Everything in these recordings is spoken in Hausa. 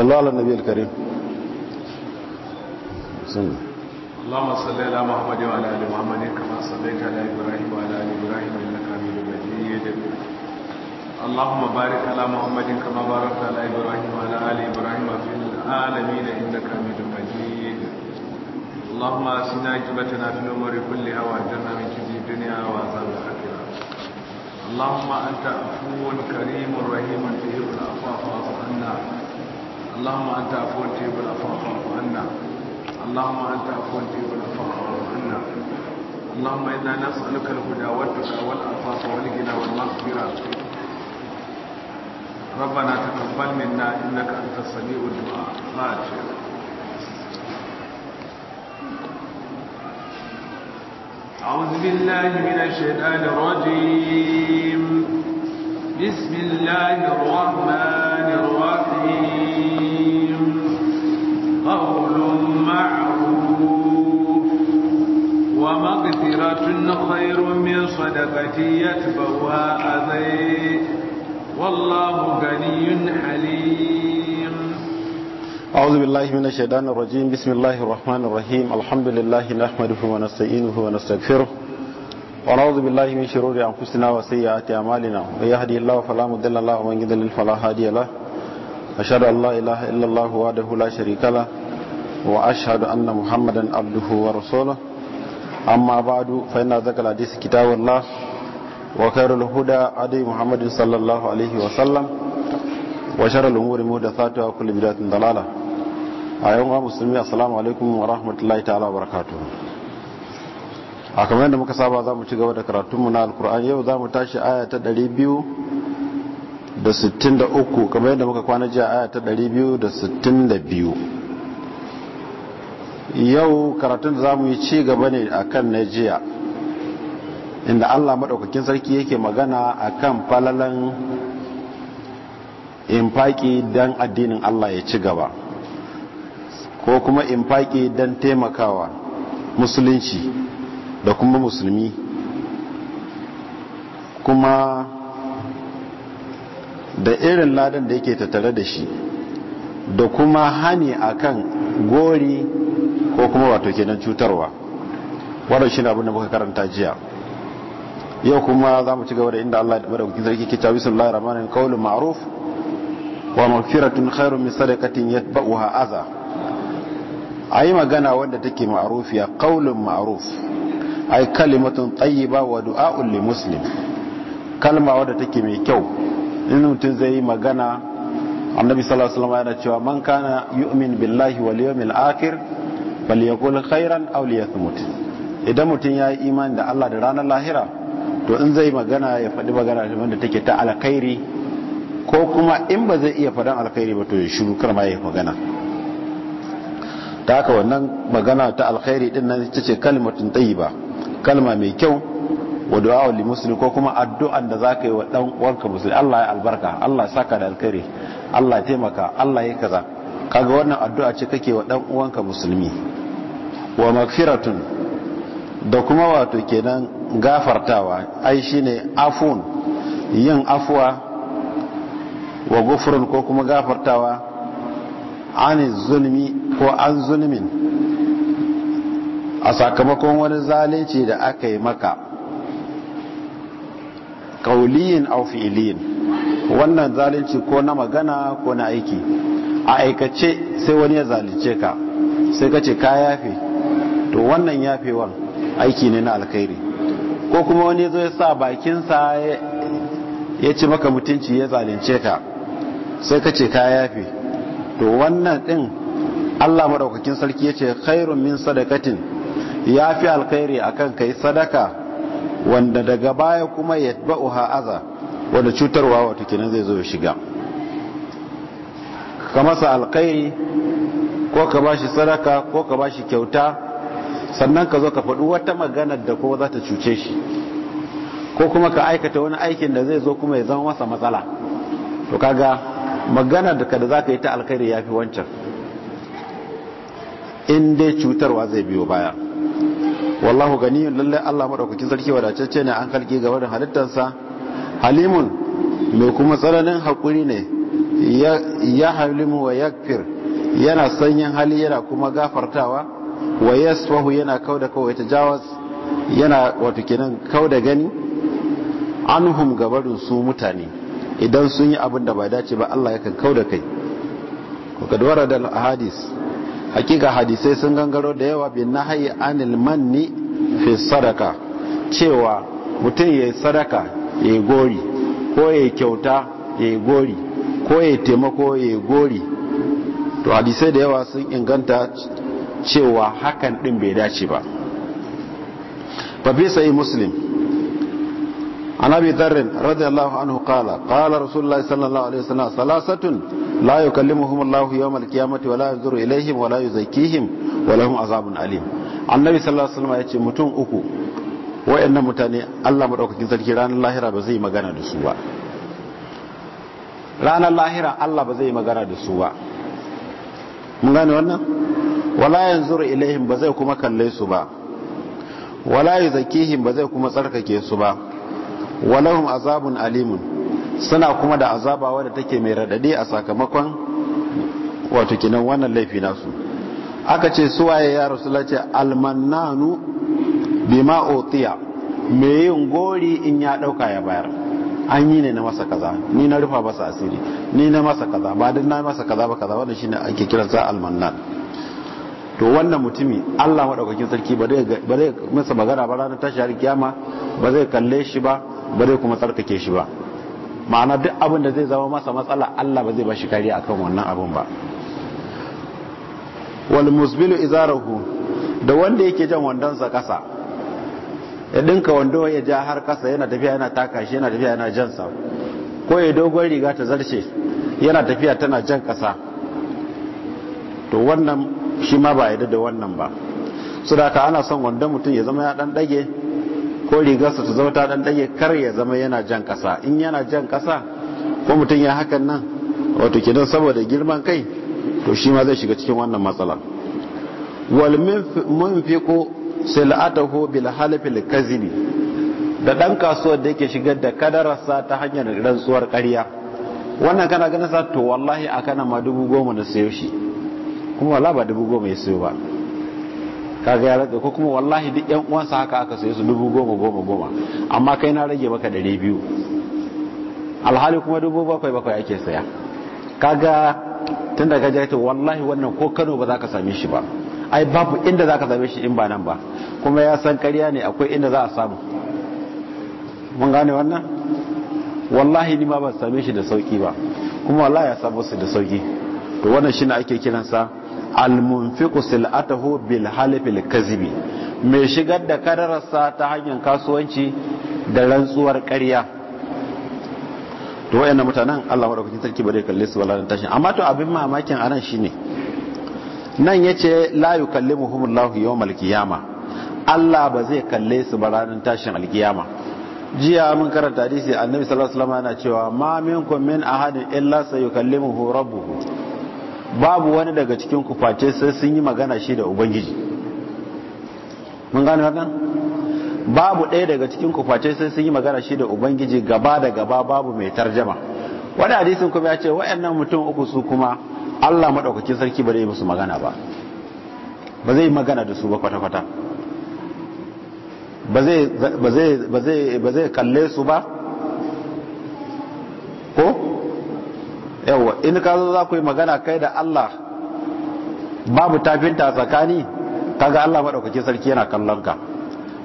صلوا على النبي الكريم سنة. اللهم صل على محمد وعلى ال محمد كما صليت على ابراهيم وعلى ال ابراهيم انك حميد مجيد اللهم بارك على محمد كما باركت على ابراهيم وعلى ال ابراهيم في العالمين انك حميد مجيد اللهم اسنا عاقبتنا في الامور كلها واجرنا من خزي الدنيا وعذاب الاخره اللهم انت عفو كريم رحيم تهب العفو فاعف عنا اللهم أنت عفو تجيب العفو فاعف عنا اللهم أنت عفو تجيب العفو فاعف عنا اللهم إنا نسألك الهدى والتقى والعفاف والغنى والمغفرة ربنا تقبل منا إنك أنت السميع الدعاء فاتح أعوذ بالله من الشيطان الرجيم بسم الله الرحمن خير من صدقة يتبوى أذي والله غني حليم أعوذ بالله من الشيطان الرجيم بسم الله الرحمن الرحيم الحمد لله نحمده ونستعينه ونستغفره ونعوذ بالله من شرور أنفسنا وسيئات أعمالنا من يهدي الله فلا مضل له ومن يضلل فلا هادي له أشهد أن لا إله إلا الله وحده لا شريك له وأشهد أن محمدا عبده ورسوله أما بعد فإن ذكر الحديث كتاب الله وخير الهدى هدي محمد صلى الله عليه وسلم وشر الأمور محدثاتها وكل بدعة ضلالة أيها المسلمين السلام عليكم ورحمة الله تعالى وبركاته a kamar yadda muka saba za mu ci gaba da karatunmu na alkur'ani yau za mu tashi aya ta 200 da sittin da uku kamar yadda muka kwana jiya aya ta dari biyu da sittin da biyu yau karatun da za mu yi ci gaba ne a kan na jiya inda allah maɗaukakin sarki yake magana a kan falalan infaki don addinin allah ya ci gaba ko kuma infaki don taimakawa musulunci da kuma musulmi kuma da irin ladan da yake tattare da shi da kuma hani akan gori ko kuma wato kenan cutarwa wannan shine abin da muka karanta jiya yau kuma za mu ci gaba da inda Allah ya da madaukakin sarki ke cewa bismillahir rahmanir qaulun ma'ruf wa mafiratun khairun min sadaqatin yatba'uha adha ayi magana wanda take ma'rufiya qaulun ma'ruf ay kalimatun tayyiba wa du'a'un li muslim kalma wadda take mai kyau in mutum zai yi magana annabi sallallahu alaihi wasallam yana cewa man kana yu'min billahi wal yawmil akhir yaqul khairan aw liyathmut idan mutum ya yi imani da Allah da ranar lahira to in zai magana ya faɗi magana wanda take ta alkhairi ko kuma in ba zai iya faɗan alkhairi ba to ya shiru kar ma ya magana ta haka wannan magana ta alkhairi din nan ita ce kalmatun tayyiba kalma mai kyau wa du'a li muslim ko kuma addu'an da zaka yi wa dan uwanka musulmi Allah ya albarka Allah ya saka da alkhairi Allah ya taimaka Allah ya kaza kaga wannan addu'a ce kake wa dan uwanka musulmi wa magfiratun da kuma wato kenan gafartawa ai shine afun yin afwa wa gufrun ko kuma gafartawa an zulmi ko an zulmin a sakamakon wani zalunci da aka yi maka Ƙauliyin au fi'iliyin wannan zalunci ko na magana ko na aiki a aikace sai wani ya zalunce ka sai ka ce ka yafe to wannan yafewan aiki ne na alkhairi ko kuma wani zo ya sa bakinsa ya ci maka mutunci ya zalunce ka sai ka ce ka yafe to wannan din Allah madaukakin sarki ya ce khairun min sadakatin ya fi alkhairi akan kai sadaka wanda daga baya kuma ya ba'u ha'aza, wanda cutarwa wata kenan zai zo ya shiga ka masa alkhairi ko ka bashi sadaka ko ka bashi kyauta sannan ka zo ka faɗi wata magana da kuma za ta cuce shi ko kuma ka aikata wani aikin da zai zo kuma ya zama masa matsala to kaga magana da da za ka yi ta alkhairi ya fi wancan in dai cutarwa zai biyo baya wallahu ganiyun lalle Allah madaukakin sarki wadatacce ne an kalke ga wadan halittarsa halimun mai kuma tsananin hakuri ne ya halimu wa yakfir yana sanyin hali yana kuma gafartawa wa yasfahu yana kauda kawai tajawaz yana wato kenan kauda gani anhum gabarin su mutane idan sun yi abin da ba dace ba Allah yakan kauda kai Ku kad ahadith hakika hadisai sun gangaro da yawa bin nahayi anil manni fi sadaka cewa mutum ya sadaka ya gori ko ya kyauta ya gori ko ya taimako ya gori to hadisai da yawa sun inganta cewa hakan din bai dace ba babisa yi sai muslim عن أبي ذر رضي الله عنه قال قال رسول الله صلى الله عليه وسلم ثلاثة لا يكلمهم الله يوم القيامة ولا ينظر إليهم ولا يزكيهم ولهم عذاب أليم annabi sallallahu alaihi wasallam ya ce mutum uku wayannan mutane Allah madaukakin sarki ranar ranar lahira Allah ba zai magana da su ba mun gane wannan wala yanzuru ilaihim ba zai kuma kalle su ba wala yuzakkihim ba zai kuma tsarkake su ba walahum azabun alimun suna kuma da azaba wadda take mai radade a sakamakon wato kinan wannan laifi nasu aka ce suwaye ya rasula ce almannanu bima utiya me yin gori in ya dauka ya bayar an yi ne na masa kaza ni na rufa masa asiri ni na masa kaza ba duk na masa kaza ba kaza wannan shine ake za almannan to wannan mutumi Allah madaukakin sarki ba zai masa magana ba ranar tashi har kiyama ba zai kalle shi ba ba zai kuma tsarkake shi ba ma'ana duk abin da zai zama masa matsala Allah ba zai ba shi kariya akan wannan abin ba wal musbilu izarahu da wanda yake jan wandonsa kasa ya dinka wando ya ja har kasa yana tafiya yana taka shi yana tafiya yana jan sa ko ya dogon riga ta zarce yana tafiya tana jan kasa to wannan shi ma ba yadda da wannan ba su da ana son wanda mutum ya zama ya dan dage ko rigarsa ta zama ta dan dage kar ya zama yana jan kasa in yana jan kasa ko mutum ya hakan nan wato kidan saboda girman kai to shi ma zai shiga cikin wannan matsala wal munfiqu sil'atahu bil halfil kazibi da dan kasuwar da yake shigar da kadararsa ta hanyar rantsuwar ƙarya wannan kana ganin sa to wallahi akana ma dubu goma na sayo shi kuma wala ba dubu goma ya sayo ba kaga ya rage ko kuma wallahi duk yan uwansa haka aka saye su dubu goma goma goma amma kai na rage maka ɗari biyu alhali kuma dubu bakwai bakwai ake saya kaga tun da gajiya ta wallahi wannan ko kano ba za ka same shi ba ai babu inda za ka same shi in ba nan ba kuma ya san karya ne akwai inda za a samu mun gane wannan wallahi ni ma ba same shi da sauki ba kuma wallahi ya samu su da sauki to wannan shine ake kiransa Almunfiku sil'atahu bil halifil kazibi mai shigar da kararsa ta hanyar kasuwanci da rantsuwar ƙarya to wayannan mutanen Allah madaukakin sarki bare kalle su wala tashin amma to abin mamakin anan shine nan yace la Allah yawmal qiyama Allah ba zai kalle su ba ranar tashin alkiyama jiya mun karanta hadisi annabi sallallahu alaihi wasallam yana cewa ma minkum min ahadin illa sayukallimuhu rabbuhu babu wani daga cikin ku face sai sun yi magana shi da ubangiji mun gane hakan babu ɗaya daga cikin ku face sai sun yi magana shi da ubangiji gaba da gaba babu mai tarjama wani hadisin kuma ya ce wayannan mutum uku su kuma Allah madaukakin sarki ba zai musu magana ba ba zai magana da su ba kwata kwata ba zai ba zai ba zai kalle su ba ko yawwa in ka zo za ku yi magana kai da Allah babu tafinta tsakani kaga Allah madaukakin sarki yana kallon ka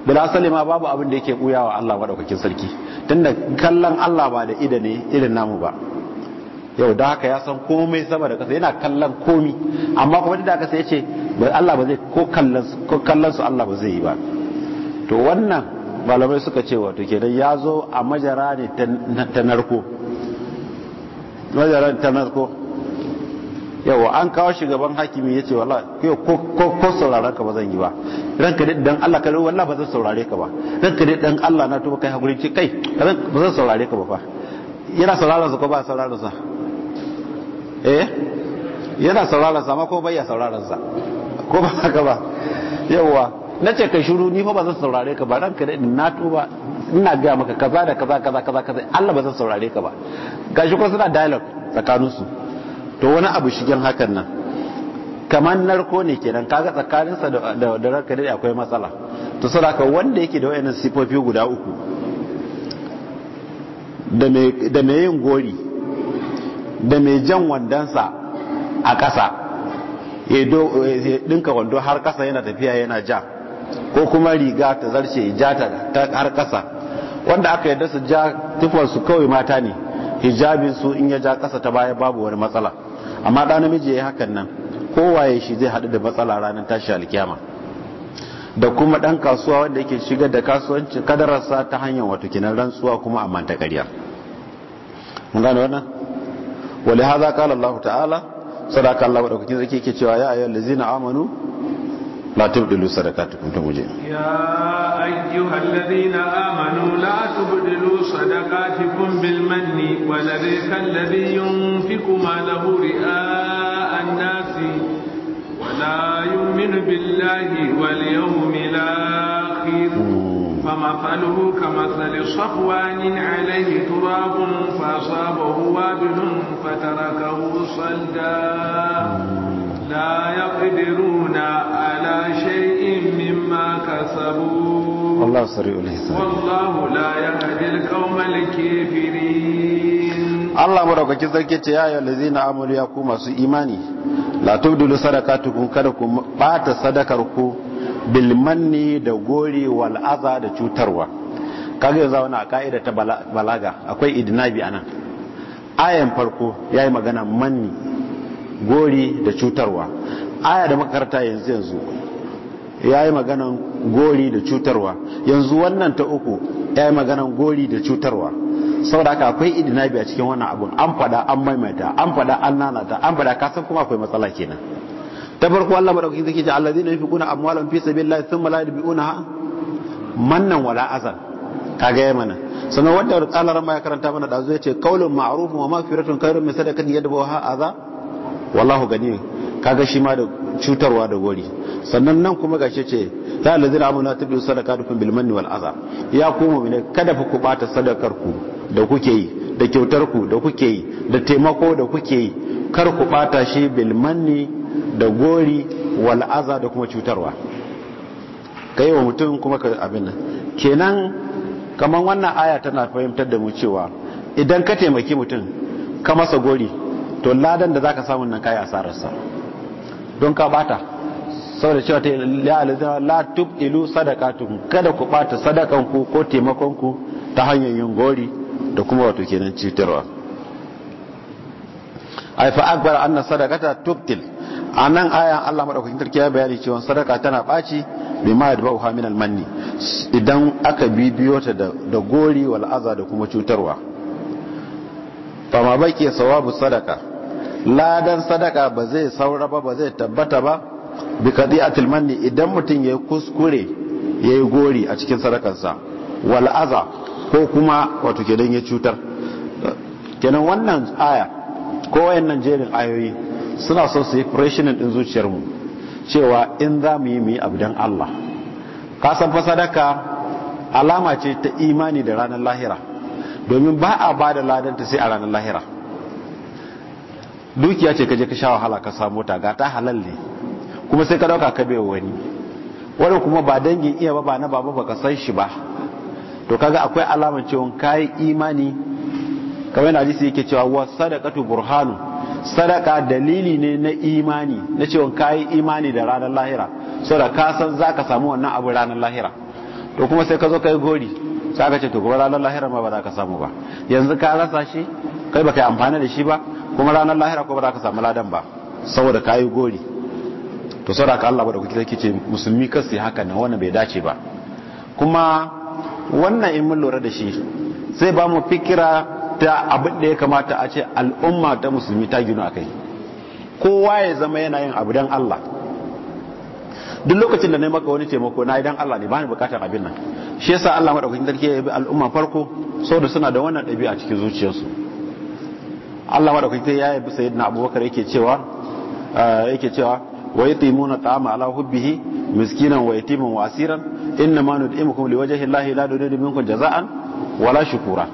Bila asali ma babu abin da yake buyawa Allah madaukakin sarki tunda kallon Allah ba da ida ne irin namu ba yau da haka ya san komai sama da kasa yana kallon komi amma kuma da kasa yace ba Allah ba zai ko kallon ko kallon su Allah ba zai yi ba to wannan malamai suka ce wato kenan ya zo a majara ne ta narko wajen ran ta ko yawa an kawo shugaban hakimi ya ce wala ko ko sauraron ka ba zan yi ba ranka dai dan Allah ka wala ba zan saurare ka ba ranka dai dan Allah na tuba kai hakuri ce kai ba zan saurare ka ba fa yana sauraron sa ko ba sauraron sa eh yana sauraron sa amma ko bai ya sauraron sa ko ba haka ba yawa na ce ka shiru ni fa ba zan saurare ka ba ranka dai na tuba ina ga maka kaza da kaza kaza kaza kaza Allah ba zan saurare ka ba gashi ko suna dialogue tsakanin su to wani abu shigen hakan nan kamar narko ne kenan kaga tsakanin sa da da ranka dai akwai matsala to saboda wanda yake da wayannan sifofi guda uku da me da me yin gori da me jan wandansa a ƙasa ya dinka wando har ƙasa yana tafiya yana ja ko kuma riga ta zarce ja ta har ƙasa wanda aka yarda su ja su kawai mata ne hijabin su in ya ja ƙasa ta baya babu wani matsala amma ɗan namiji ya yi hakan nan kowaye shi zai haɗu da matsala ranar tashi alkiyama da kuma ɗan kasuwa wanda yake shigar da kasuwanci kadararsa ta hanyar wato kinan rantsuwa kuma a manta ƙarya mun gane wannan haza kala Allah ta'ala sadaka Allah wa daukakin zaki yake cewa ya ayyuhal ladzina amanu لا تبدلوا صدقاتكم تبوجي يا أيها الذين آمنوا لا تبدلوا صدقاتكم بالمن ولذيك الذي ينفق ماله رئاء الناس ولا يؤمن بالله واليوم الآخر فمثله كمثل صفوان عليه تراب فأصابه وابل فتركه صلدا لا يقدرون على شيء مما كسبوا الله سريع الحساب والله لا يهدي القوم الكافرين الله مدaukakin كذلك يا ya الذين amalu ya سوء إيماني لا la tubdilu sadaqatukum بات ku bata da gori wal aza da cutarwa kaga yanzu wani a ka'ida ta balaga akwai idnabi anan ayan farko yayi magana manni gori da cutarwa aya da makarta yanzu yanzu ya yi maganan gori da cutarwa yanzu wannan ta uku ya yi maganan gori da cutarwa Sau da aka akwai idina a cikin wannan abun an fada an maimaita an fada an nanata an fada kasan kuma akwai matsala kenan ta farko Allah madaukaki zai ce allazina yunfiquna amwalahum fi sabilillahi thumma la yudbi'unaha mannan wala azan kaga yayi mana sannan wanda alƙalar ma ya karanta mana da zai ce qaulun ma'rufun wa maghfiratun khairun min sadaqatin yadbaha adha wallahu gani kaga shi ma da cutarwa da gori sannan nan kuma gashi ce ya ta amanu sadaka da kun manni wal aza ya ku mu'mina kada fa ku bata sadakar ku da kuke yi da kyautar ku da kuke yi da taimako da kuke yi kar ku bata shi bil da gori wal aza da kuma cutarwa kai wa mutum kuma ka abin nan kenan kamar wannan aya tana fahimtar da mu cewa idan ka taimaki mutum ka masa gori to ladan da zaka samu nan kai asararsa don ka bata saboda cewa ta la alazina la sadaka tun kada ku bata sadakanku ko taimakon ta hanyar yin gori da kuma wato kenan cutarwa ai fa akbar anna sadakata tubtil anan ayan Allah madaukakin sarki ya bayani cewa sadaka tana baci bima yadbauha min almanni idan aka bibiyo ta da gori wal da kuma cutarwa ma baki sawabu sadaka ladan sadaka ba zai saura ba ba zai tabbata ba bi qadi'atil manni idan mutum yayi kuskure yayi gori a cikin sadakarsa wal aza ko kuma wato kenan ya cutar kenan wannan aya ko wayannan jerin ayoyi suna so su yi freshening din zuciyar mu cewa in za mu yi mu yi abu Allah ka san fa sadaka alama ce ta imani da ranar lahira domin ba a ba da ladanta sai a ranar lahira dukiya ce kaje ka sha wahala ka samu ta ga ta halal ne kuma sai ka dauka ka bai wani wani kuma ba dangin iya ba ba na baba ka san shi ba to kaga akwai alamar cewa kai imani kamar yana hadisi yake cewa wa sadaqatu burhanu sadaka dalili ne na imani na cewa kai imani da ranar lahira saboda ka san zaka samu wannan abu ranar lahira to kuma sai ka zo kai gori sai aka ce to gobe ranar lahira ma ba za ka samu ba yanzu ka rasa shi kai baka yi amfani da shi ba kuma ranar lahira ko ba za ka samu ladan ba saboda ka yi gori to saboda ka Allah bada kuke ce musulmi kar su haka nan wannan bai dace ba kuma wannan in mun lura da shi sai ba mu fikira ta abin da ya kamata a ce al'umma ta musulmi ta ginu kai kowa ya zama yana yin abu dan Allah duk lokacin da na maka wani taimako na idan Allah ne ba ni bukatar abin nan shi yasa Allah madaukakin sarki ya bi al'umma farko saboda suna da wannan ɗabi'a cikin zuciyarsu Allah kuke ya yabi sayyidina Abubakar yake cewa eh, yake cewa wa ta ta'ama ala hubbihi miskinan wa yi wa asiran inna ma nud'imukum liwajhi Allah la nuridu minkum jaza'an wala shukura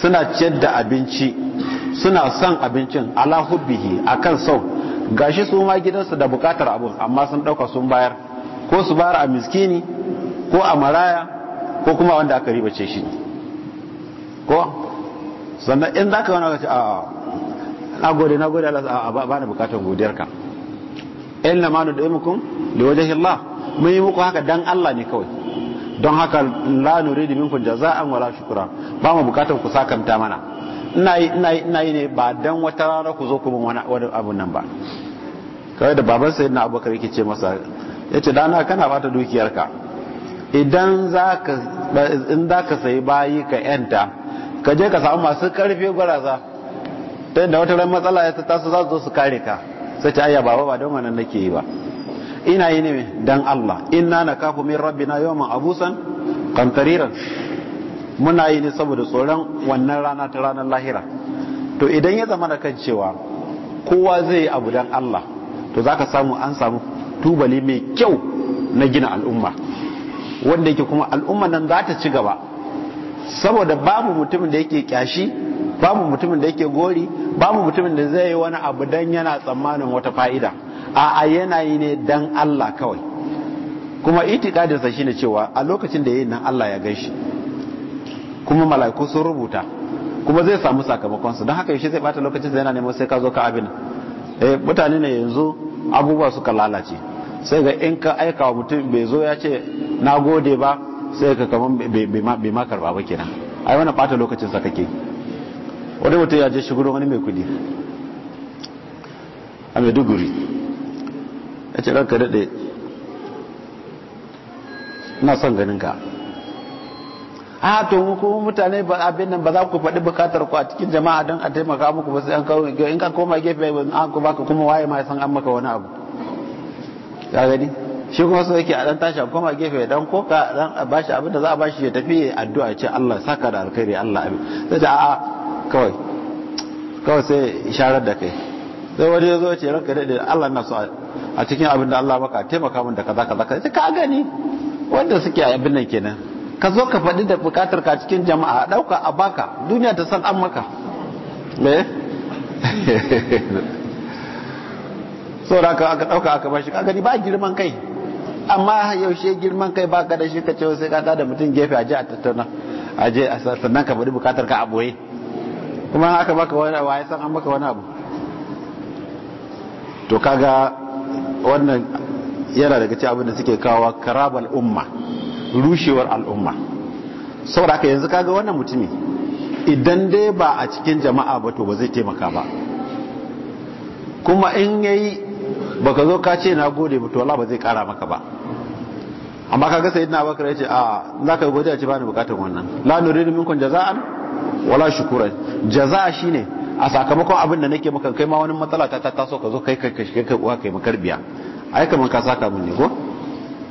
suna ciyar da abinci suna son abincin ala hubbihi akan sau gashi su ma gidansu da bukatar abu amma sun ɗauka sun bayar ko su bayar a miskini ko a maraya ko kuma wanda aka ribace shi ko sannan in za ka wani wata a na gode na gode Allah a ba na bukatar ka. in na manu da imukun da waje hila mun yi muku haka dan Allah ne kawai don haka la nuri da minkun an wala shukura ba mu bukatar ku sakanta mana ina yi ina yi ina yi ne ba dan wata rana ku zo kuma wani abu nan ba kawai da baban sai na abubakar yake ce masa ya ce dana kana bata dukiyarka idan za ka sayi bayi ka yanta ka je ka samu masu karfe gwaraza ta yadda wata ran matsala ya su za su zo su kare ka sai ta ayya baba ba don wannan nake yi ba ina yi ne dan Allah ina na kafu min rabbina yawman abusan kantariran muna yi ne saboda tsoron wannan rana ta ranar lahira to idan ya zama da kan cewa kowa zai yi abu dan Allah to za ka samu an samu tubali mai kyau na gina al'umma wanda yake kuma al'umma nan za ta ci gaba saboda babu mutumin da yake kyashi babu mutumin da yake gori babu mutumin da zai yi wani abu dan yana tsammanin wata fa'ida a yanayi ne dan Allah kawai kuma itikadinsa shine cewa a lokacin da yayin nan Allah ya gaishe kuma mala'iku sun rubuta kuma zai samu sakamakon su don haka yaushe zai bata lokacin da yana neman sai ka zo ka abin eh mutane ne yanzu abubuwa suka lalace sai ga in ka aika wa mutum bai zo ya ce na gode ba sai ka kaman bai ma karba ba kenan ai wani bata lokacin sa kake wani mutum ya je shi gudun wani mai kudi a maiduguri ya ce ranka daɗe na son ganin ka a to ku mutane ba abin nan ba za ku faɗi bukatar ku a cikin jama'a don a taimaka muku ba sai an kawo in ka koma gefe ba an ku baka kuma waye ma san an maka wani abu ya gani shi kuma so yake a dan tashi a koma gefe dan koka dan a bashi abin da za a bashi ya tafi addu'a ce Allah saka da alkhairi Allah abin sai da a'a kawai kawai sai isharar da kai sai wani ya zo ce ranka daɗe Allah na so a cikin abin da Allah maka taimaka min da kaza kaza kaza ka gani wanda suke a abin nan kenan ka zo ka faɗi da bukatar ka cikin jama'a ɗauka a baka duniya ta san an maka da aka ɗauka aka bashi ka gani ba girman kai amma yaushe girman kai baka da shi ka ce sai ka da mutum gefe a a tattauna a je a sannan ka bari bukatar ka a boye kuma aka baka wani abu san an baka wani abu to kaga wannan yana daga cikin abin da suke kawo karabal umma rushewar al'umma saboda haka yanzu kaga wannan mutumi idan dai ba a cikin jama'a ba to ba zai taimaka ba kuma in yayi baka zo ka ce na gode ba to Allah ba zai kara maka ba amma kaga sayyidina Abubakar yace a zaka a ci bani bukatar wannan la nuridu minkum jaza'an wala shukuran jaza'a shine a sakamakon abin da nake maka kai ma wani matsala ta taso ka zo kai kai kai kai uwa kai makarbiya ai kaman ka saka mun ne ko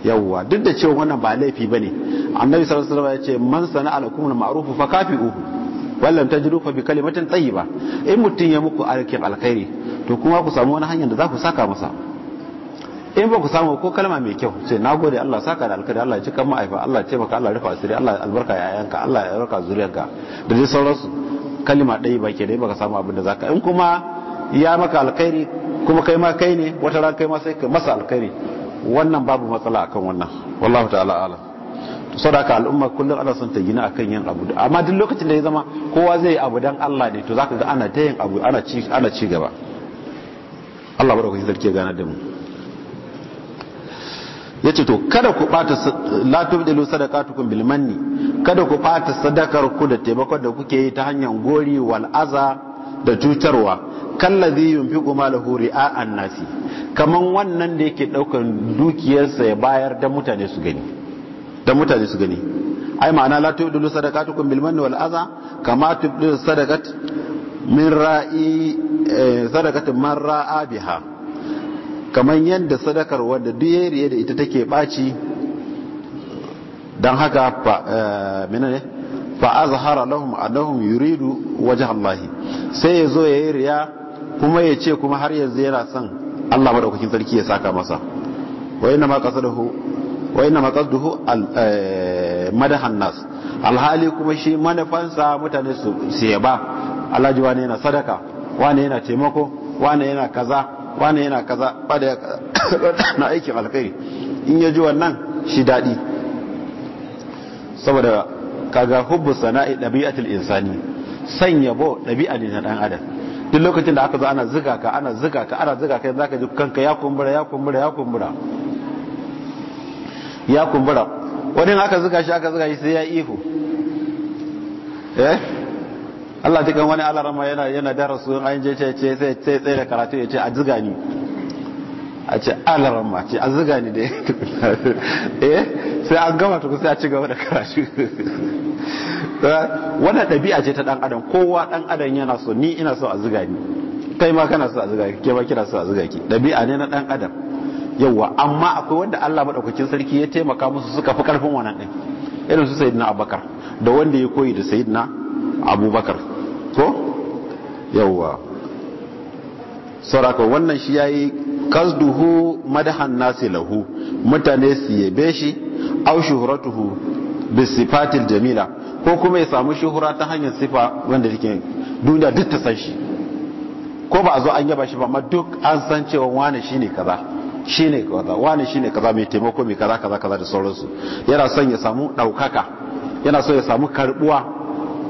yawwa duk da cewa wannan ba laifi bane annabi sallallahu alaihi wasallam ya ce man sana'a lakum al-ma'ruf fa kafi'uhu wallam jiru fa bi kalimatin tayyiba in mutum ya muku alkin alkhairi to kuma ku samu wani hanyar da za ku saka masa in ba ku samu ko kalma mai kyau sai nagode Allah saka da alkhairi Allah ya cika ma'aifa Allah ya taimaka Allah ya rufa asiri Allah ya albarka yayanka Allah ya albarka zuriyarka da dai sauransu kalma ɗaya ba ke dai baka samu abin da zaka in kuma ya maka alkhairi kuma kai ma kai ne wata ran kai ma sai ka masa alkhairi wannan babu matsala akan wannan wallahu ta'ala alam sadaka al'umma kullum ana son ta gina akan yin abu amma duk lokacin da ya zama kowa zai yi abu dan Allah ne to zaka ga ana ta yin abu ana ci ana ci gaba Allah shi sarki gana da mu yace to kada ku bata la tubdilu sadaqatukum bil manni kada ku bata sadakar ku da taimakon da kuke yi ta hanyar gori wal aza da cutarwa kallazi yunfiqu malahu ri'a an-nasi kaman wannan da yake daukan dukiyarsa ya bayar da mutane su gani dan mutane su gani ai ma'ana la tu'dilu sadaqatukum bil manni wal adha kama tu'dilu sadaqat min ra'i eh, sadaqat man ra'a biha kaman yadda sadakar wanda duk riye da ita take baci dan haka fa eh, menene fa azhara lahum annahum yuridu wajha Allah sai yazo yayi riya kuma yace kuma har yanzu yana son Allah madaukakin sarki ya saka masa wa inna ma qasadahu wa inna maqasduhu eh, madahan nas alhali kuma shi manufansa mutane su yaba alhaji wani yana sadaka wani yana taimako wani yana kaza wani yana kaza ba da bada na aikin alkhairi in ya ji wannan shi daɗi saboda ka ga hubbu sana'i ɗabi'atul insani san yabo ɗabi'a ne na ɗan adam duk lokacin da aka zo ana ziga ka ana ziga ka ana ziga ka zaka ji kanka ya kumbura ya kumbura ya kumbura ya kumbura wani aka zuka shi aka zuka shi sai ya ihu eh Allah ta kan wani alarama yana yana darasu an je ce ce sai sai tsaye da karatu ya ce a zuga ni a ce alarama ce a zuga ni dai eh sai an gama tukun sai a ci gaba da karatu eh? wani ɗabi'a ce ta ɗan adam kowa ɗan adam yana so ni ina so a zuga ni kai ma kana so a zuga ki ke ma kina so a zuga ki ɗabi'a ne na ɗan adam yawa amma akwai wanda Allah madaukakin sarki ya taimaka musu suka fi karfin wannan din irin su sayyidina abubakar da wanda ya koyi da sayyidina abubakar ko yawa sauraka wannan shi yayi kazduhu madahan nasi lahu mutane su yabe shi au shuhratuhu bisifatil jamila ko kuma ya samu shuhura ta hanyar sifa wanda take duniya duk ta san shi ko ba a zo an yaba shi ba amma duk an san cewa wani shine kaza shine kaza wani shine kaza mai taimako mai kaza kaza kaza da sauransu yana son ya samu daukaka yana son ya samu karbuwa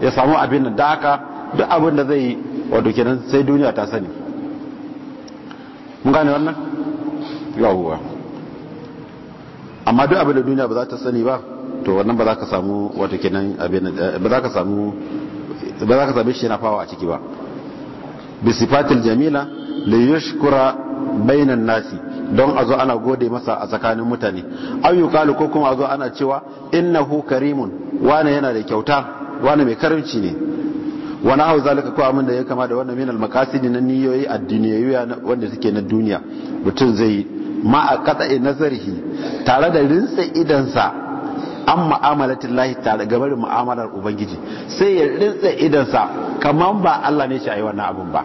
ya samu abin nan da aka duk abin da zai yi wato kenan sai duniya ta sani mun gane wannan yawwa amma duk abin da duniya ba za ta sani ba to wannan ba za ka samu wato kenan abin eh, ba za ka samu ba za ka samu shi na fawa a ciki ba bi sifatil jamila li bainan nasi don azo ana gode masa a tsakanin mutane an kalu ko kuma a zo ana cewa innahu karimun wane yana da kyauta wane mai karimci ne wani hau zalika ko amin da ya kama da wannan minal makasidi na niyoyi addiniyoyi wanda suke na duniya mutum zai yi ma a katsa'i nazarihi tare da rinsa idansa an ma'amalatin lahi tare gabar mu'amalar ubangiji sai ya rinsa idansa kamar ba Allah ne shi a yi wannan abun ba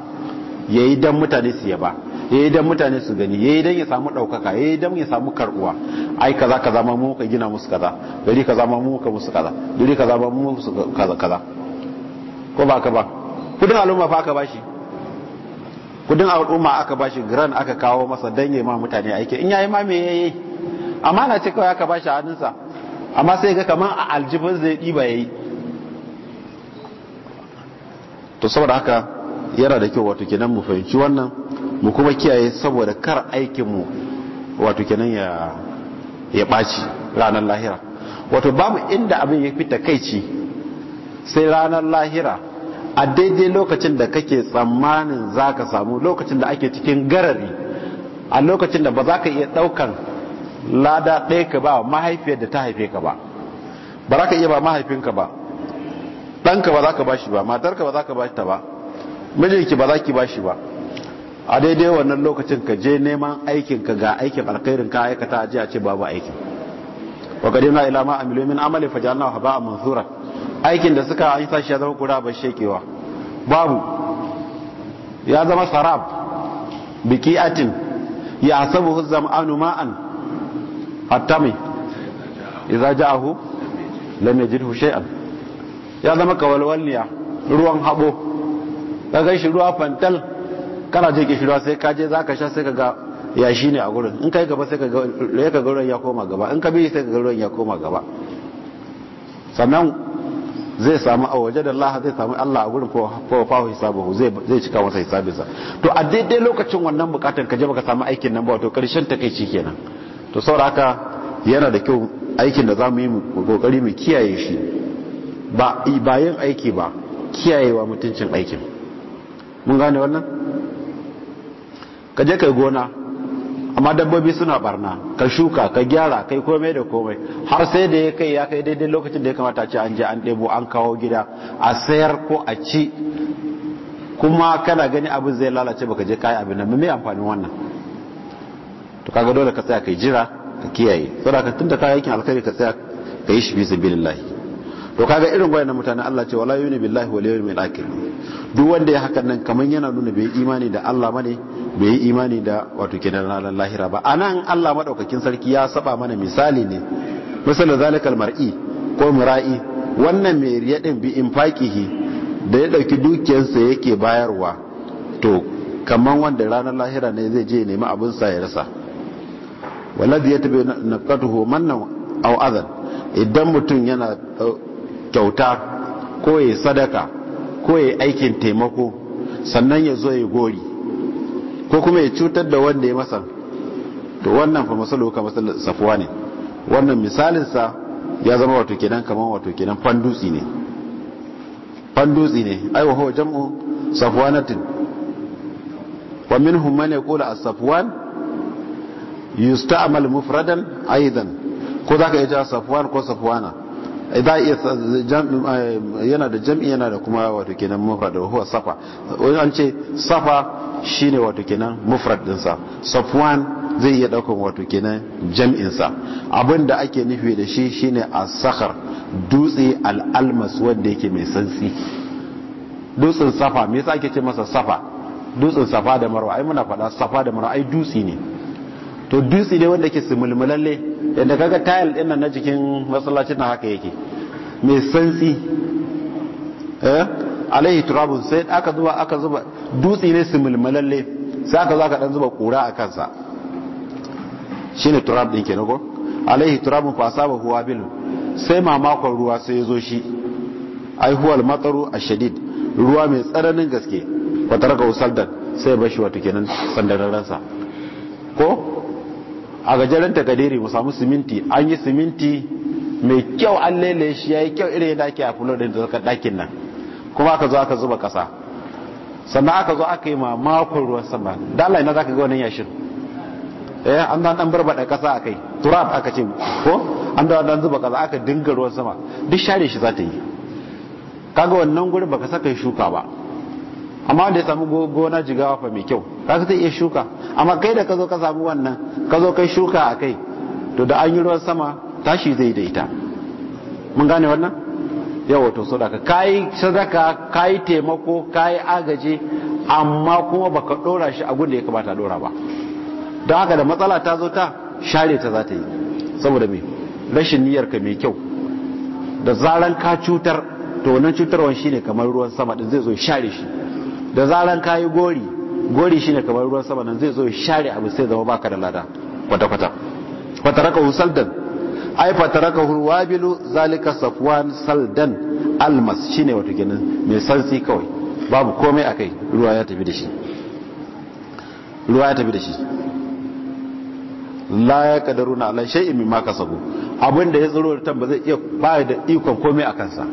ya yi don mutane su yaba ya yi don mutane su gani ya yi don ya samu ɗaukaka ya yi don ya samu karɓuwa ai kaza kaza ma ka gina musu kaza gari kaza ma ka musu kaza gari zama mu musu kaza kaza ko ba ka ba kudin al'umma fa aka bashi kudin al'umma aka bashi grand aka kawo masa don ya ma mutane aiki in yayi ma me yayi na ce kawai aka bashi a hannunsa amma sai ga kaman a aljibin zai ɗiba yayi to saboda haka yana da kyau wato kenan mu fahimci wannan mu kuma kiyaye saboda kar aikinmu wato kenan ya ya ɓaci ranar lahira wato babu inda abin ya fi takaici sai ranar lahira a daidai lokacin da kake tsammanin za ka samu lokacin da ake cikin garari a lokacin da ba za ka iya ɗaukan lada ɗaya ka ba mahaifiyar da ta haife ka ba ba za ka iya ba mahaifinka ba ɗanka ba za ka ba shi ba matarka ba za ka ba shi ta ba mijinki ba za ki bashi ba a daidai wannan lokacin ka je neman aikin ka ga aikin alkhairin ka aikata a jiya ce babu aikin wa qadimna ila miliyomin amali min amali ba a mansura aikin da suka yi tashi ya zama kura ba shekewa babu ya zama sarab Biki atin. ya asabu anu ma'an hatta mai ja'ahu lam yajidhu shay'an ya zama kawalwalniya ruwan haɓo. ka shi ruwa fantal kana je ki ruwa sai kaje za zaka sha sai ka ga yashi ne a gurin in kai gaba sai ka ga ya koma gaba in ka bi sai ka ga ruwan ya koma gaba sannan zai samu a waje da Allah zai samu Allah a gurin ko fahu hisabu zai cika masa hisabinsa to a daidai lokacin wannan bukatar ka je baka samu aikin nan ba to karshen cike kenan to saboda haka yana da kyau aikin da zamu yi mu kokari mu kiyaye shi ba yin aiki ba kiyayewa mutuncin aikin mun gane wannan ka kai gona amma dabbobi suna barna ka shuka ka gyara kai komai da komai har sai da ya kai ya kai daidai lokacin da ya kamata ce an je an ɗebo an kawo gida a sayar ko a ci kuma kana gani abin zai lalace baka je kayi abin nan me amfanin wannan to kaga dole ka tsaya kai jira ka kiyaye saboda ka tunda kayan aikin alkhairi ka tsaya ka yi shi bi sabilillahi to kaga irin wayannan mutane Allah ce wala yu'minu billahi wal yawmil akhir duk wanda ya hakan nan kaman yana nuna bai imani da Allah bane bai imani da wato kenan ranar lahira ba anan Allah madaukakin sarki ya saba mana misali ne misalan zalikal mar'i ko mura'i wannan mai riya din bi infaqihi da ya dauki dukiyarsa yake bayarwa to kaman wanda ranar lahira ne zai je nemi abin sa ya rasa walladhi yatabi naqatuhu manna aw adan idan mutum yana kyauta ko ya sadaka ko ya aikin taimako sannan ya zo ya gori ko kuma ya cutar da wanda ya masa to wannan fa masalo ka masal safuwa ne wannan misalinsa ya zama wato kenan kamar wato kenan fandutsi ne fandutsi ne ai wa safuwa jam'u safwanatin wa minhum man yaqulu as-safwan yusta'mal mufradan aidan ko zaka yi ja safwan ko safwana za eh, iya eh, yana da jam'i yana da kuma wato kenan mufrad huwa safa wani an ce safa shine wato kenan mufrad din sa safwan zai iya daukan wato kenan jam'in sa abinda ake nufi da shi shine as-sakhar dutse al-almas wanda yake mai santsi dutsen safa me yasa ake ce masa safa dutsen safa da marwa ai muna faɗa safa da marwa ai dutse ne to dutse ne wanda ke simulmulalle yadda kaga tile ɗin na jikin masallacin na haka yake mai santsi eh alaihi turabun sai aka zuba aka zuba dutse ne simulmulalle sai aka zo aka dan zuba kura a kansa shine turab din kenan ko alaihi turabun fa asaba huwa bil sai mamakon ruwa sai ya zo shi ai huwal mataru ashadid ruwa mai tsananin gaske wa taraka usaldan sai bashi wato kenan sandararansa ko a gajeren takadiri mu samu siminti an yi siminti mai kyau an lele shi ya yi kyau irin yadda ake a fulo da dakin nan kuma aka zo aka zuba kasa sannan aka zo aka yi ma makon ruwan sama da Allah za zaka ga wani yashin eh an dan dan barbada kasa akai turab aka ce ko an da dan zuba kasa aka dinga ruwan sama duk share shi za ta yi kaga wannan gurin baka saka shuka ba amma wanda ya samu gona jigawa fa mai kyau kaga zai iya shuka amma kai da ka zo ka samu wannan ka zo kai shuka a kai to da an yi ruwan sama tashi zai da ita mun gane wannan yawa to sadaka kayi sadaka yi taimako yi agaji amma kuma baka dora shi a gunda ya kamata dora ba don haka da matsala ta zo ta share ta za ta yi saboda me rashin niyyar ka mai kyau da zaran ka cutar to wannan cutarwan shine kamar ruwan sama da zai zo share shi da zaran kayi gori gori shine kamar ruwan sama nan zai zo share abu sai zama baka da lada kwata kwata fataraka saldan ai fataraka wabilu zalika safwan saldan almas shine wata ginin, mai santsi kawai babu komai a kai, ruwa ya tafi da shi ruwa ya tafi da shi la ya kadaruna ala shay'in mimma kasabu abinda ya tsaro da ba zai iya bayar da ikon komai a kansa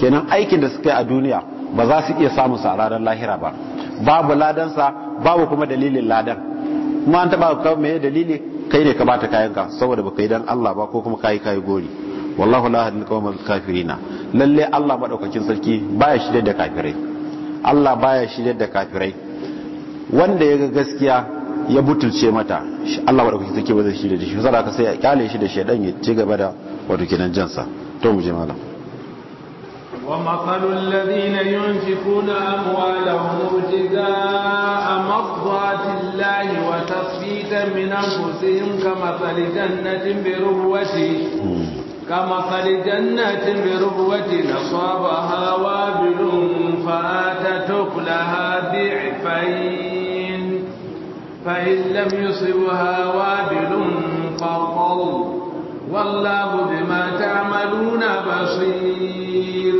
kenan aikin da suka yi a duniya ba za su iya samun sa a ranar lahira ba babu ladansa babu kuma dalilin ladan kuma an taba ka mai dalili kai ne ka bata kayanka saboda baka yi dan Allah ba ko kuma kai kai gori wallahu la hadin kafiri kafirina lalle Allah madaukakin sarki baya shirye da kafirai Allah baya shirye da kafirai wanda ya ga gaskiya ya butulce mata Allah madaukakin sarki ba zai shirye da shi saboda ka sai ya kyale shi da shedan ya ci gaba da wato kinan jansa to mu je malam ومثل الذين ينفقون أموالهم ابتداء مرضات الله وتثبيتا من أنفسهم كمثل جنة بربوة كمثل جنة بربوة أصابها وابل فآتت أكلها ضعفين فإن لم يصبها وابل فطل wallahu bima ta'maluna basir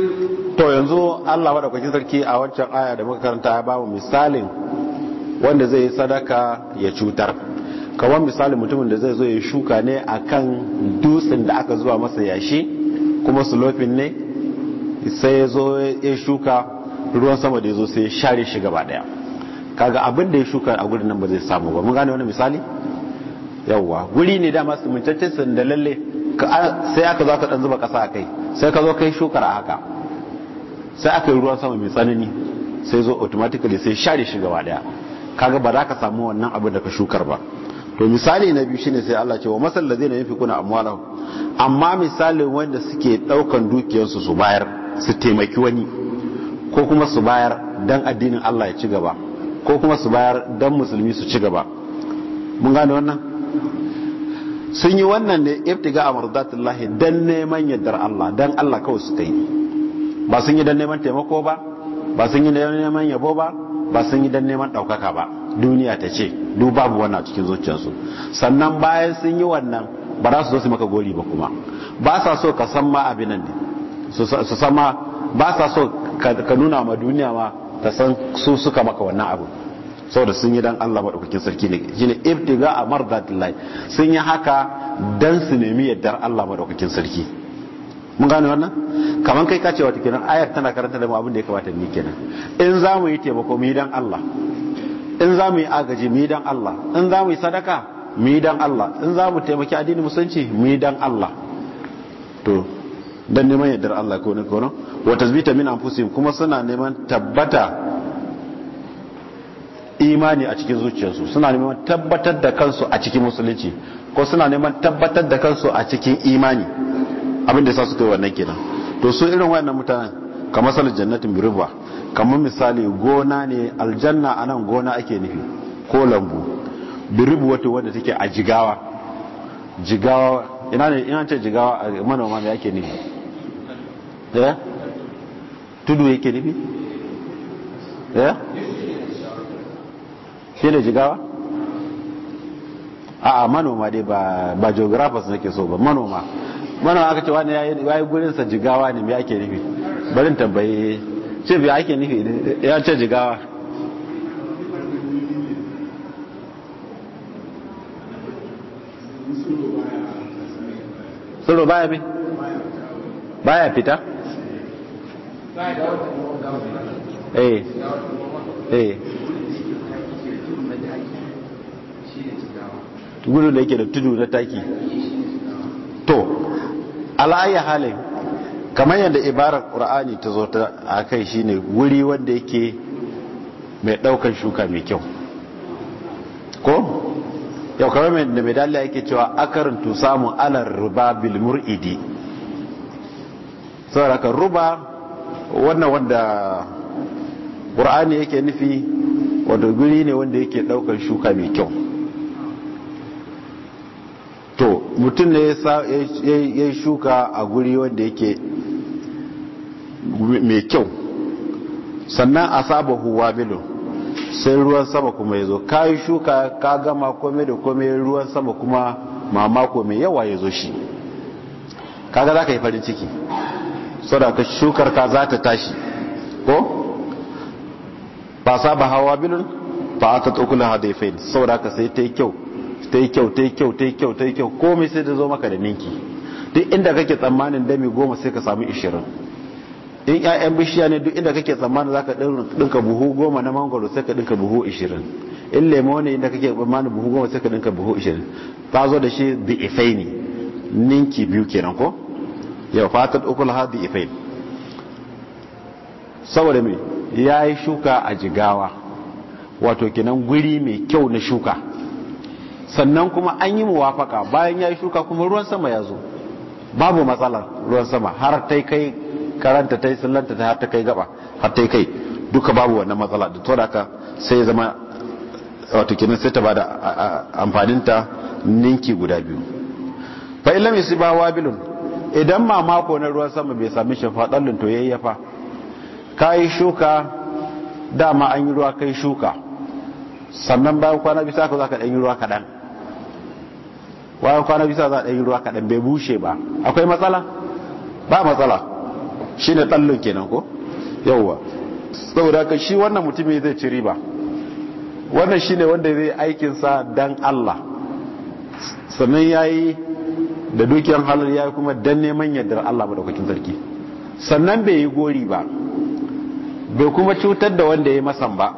to yanzu Allah kwakin sarki a wancan aya da muka karanta ya bamu misalin wanda zai sadaka ya cutar kamar misalin mutumin da zai zo ya shuka ne akan dutsen da aka zuwa masa yashi kuma sulofin ne sai ya zo ya shuka ruwan sama da ya zo sai ya share shi gaba daya kaga abin da ya shuka a gudun nan ba zai samu ba mun gane wani misali yawwa guri ne dama sumuntaccen sun da lalle sai aka zo dan zuba kasa a kai sai ka zo kai shukar a haka sai aka yi ruwan sama mai tsanani sai zo automatically sai share shi gaba daya kaga ba za ka samu wannan abin da ka shukar ba to misali na biyu shine sai Allah ce wa masal na yafikuna amwalahum amma misalin wanda suke daukan dukiyarsu su bayar su taimaki wani ko kuma su bayar dan addinin Allah ya ci gaba ko kuma su bayar dan musulmi su ci gaba mun gane wannan sun yi wannan ne iftiga a mardatullahi dan neman yardar Allah dan Allah kawai suka yi ba sun yi dan neman taimako ba ba sun yi dan neman yabo ba ba sun yi dan neman ɗaukaka ba duniya ta ce duk babu wannan cikin zuciyarsu sannan bayan sun yi wannan ba za su zo su maka gori ba kuma ba sa so ka san ma abin nan ne su sama ba sa so ka nuna ma duniya ma ta san su suka maka wannan abu saboda sun yi dan Allah madaukakin sarki ne shine ibtiga a mardatillahi sun yi haka dan su nemi yaddar Allah madaukakin sarki mun gane wannan kaman kai ka ce wata kenan ayar tana karanta da mu abin da ya kamata ni kenan in za mu yi taimako mu yi dan Allah in za mu yi agaji mu yi dan Allah in za mu yi sadaka mu yi dan Allah in za mu taimaki addinin musulunci mu yi dan Allah to dan neman yaddar Allah ko ne ko wa tasbita min anfusihim kuma suna neman tabbata imani a cikin zuciyarsu suna neman tabbatar da kansu a cikin musulunci ko suna neman tabbatar da kansu a cikin imani abin da sa su yi wannan kenan to su irin wannan mutanen kamar sanar jannatin birba kamar misali gona ne aljanna a nan gona ake nufi ko lambu biribu wata wanda take a jigawa jigawa ina ne ina ce jigawa a manoma ne ake nufi eh tudu yake nufi eh tela jigawa a manoma dai ba geographers nake so ba manoma manoma aka ce wani ya yi gurinsa jigawa ne mai ake nufi barin tambaye ce bai ake nufi ya ce jigawa tsoro baya bi baya fita eh eh gudu da yake da tudu na taki to ala'ayya halin kamar yadda ibarar ƙura'ani ta zo ta a kai shi ne wuri wanda yake mai ɗaukar shuka mai kyau ko yau kamar mai da medalla yake cewa akarin tu samun alar ruba bil idi saboda ka ruba wannan wanda ƙura'ani yake nufi wato guri ne wanda yake ɗaukar shuka mai kyau mutum ne ya shuka a guri wanda yake mai kyau sannan a saba huwa bilin sai ruwan sama kuma ya zo ka yi shuka ka gama kome da kome ruwan sama kuma mamako mai yawa ya zo shi kaga za ka yi farin ciki ka shukar ka za ta tashi ko ba saba hawa bilin ba a ta tsokula hadaifai da ka sai ta yi kyau ta yi kyau ta yi kyau ta yi kyau ta yi kyau komai sai da zo maka da ninki duk inda kake tsammanin dami goma sai ka samu ishirin in 'ya'yan bishiya ne duk inda kake tsammanin za ka dinka buhu goma na mangoro sai ka dinka buhu ishirin in lemo ne inda kake tsammanin buhu goma sai ka dinka buhu ishirin ta zo da shi bi ifai ne ninki biyu kenan ko yau fatan ukul ha bi ifai saboda me ya yi shuka a jigawa wato kenan guri mai kyau na shuka sannan kuma an yi muwafaka bayan ya yi shuka kuma ruwan sama ya zo babu matsala ruwan sama har ta kai karanta ta yi sallanta ta har ta kai gaba har ta kai duka babu wannan matsala da to ka sai zama wato kenan sai ta bada amfaninta ninki guda biyu fa ba wa wabilun idan ma mako na ruwan sama bai sami shi lintu dallin yafa ka yi shuka dama an yi ruwa kai shuka sannan bayan kwana bisa ka ka dan yi ruwa kaɗan. wayan kwana bisa za a ɗanyi ruwa kaɗan bai bushe ba akwai matsala ba matsala shi ne ɗallon kenan ko yauwa saboda ka shi wannan mutum zai ci riba wannan shi ne wanda zai aikinsa dan Allah sannan ya yi da dukiyar halar ya yi kuma dan neman yardar Allah maɗaukakin sarki sannan bai yi gori ba bai kuma cutar da wanda ya masan ba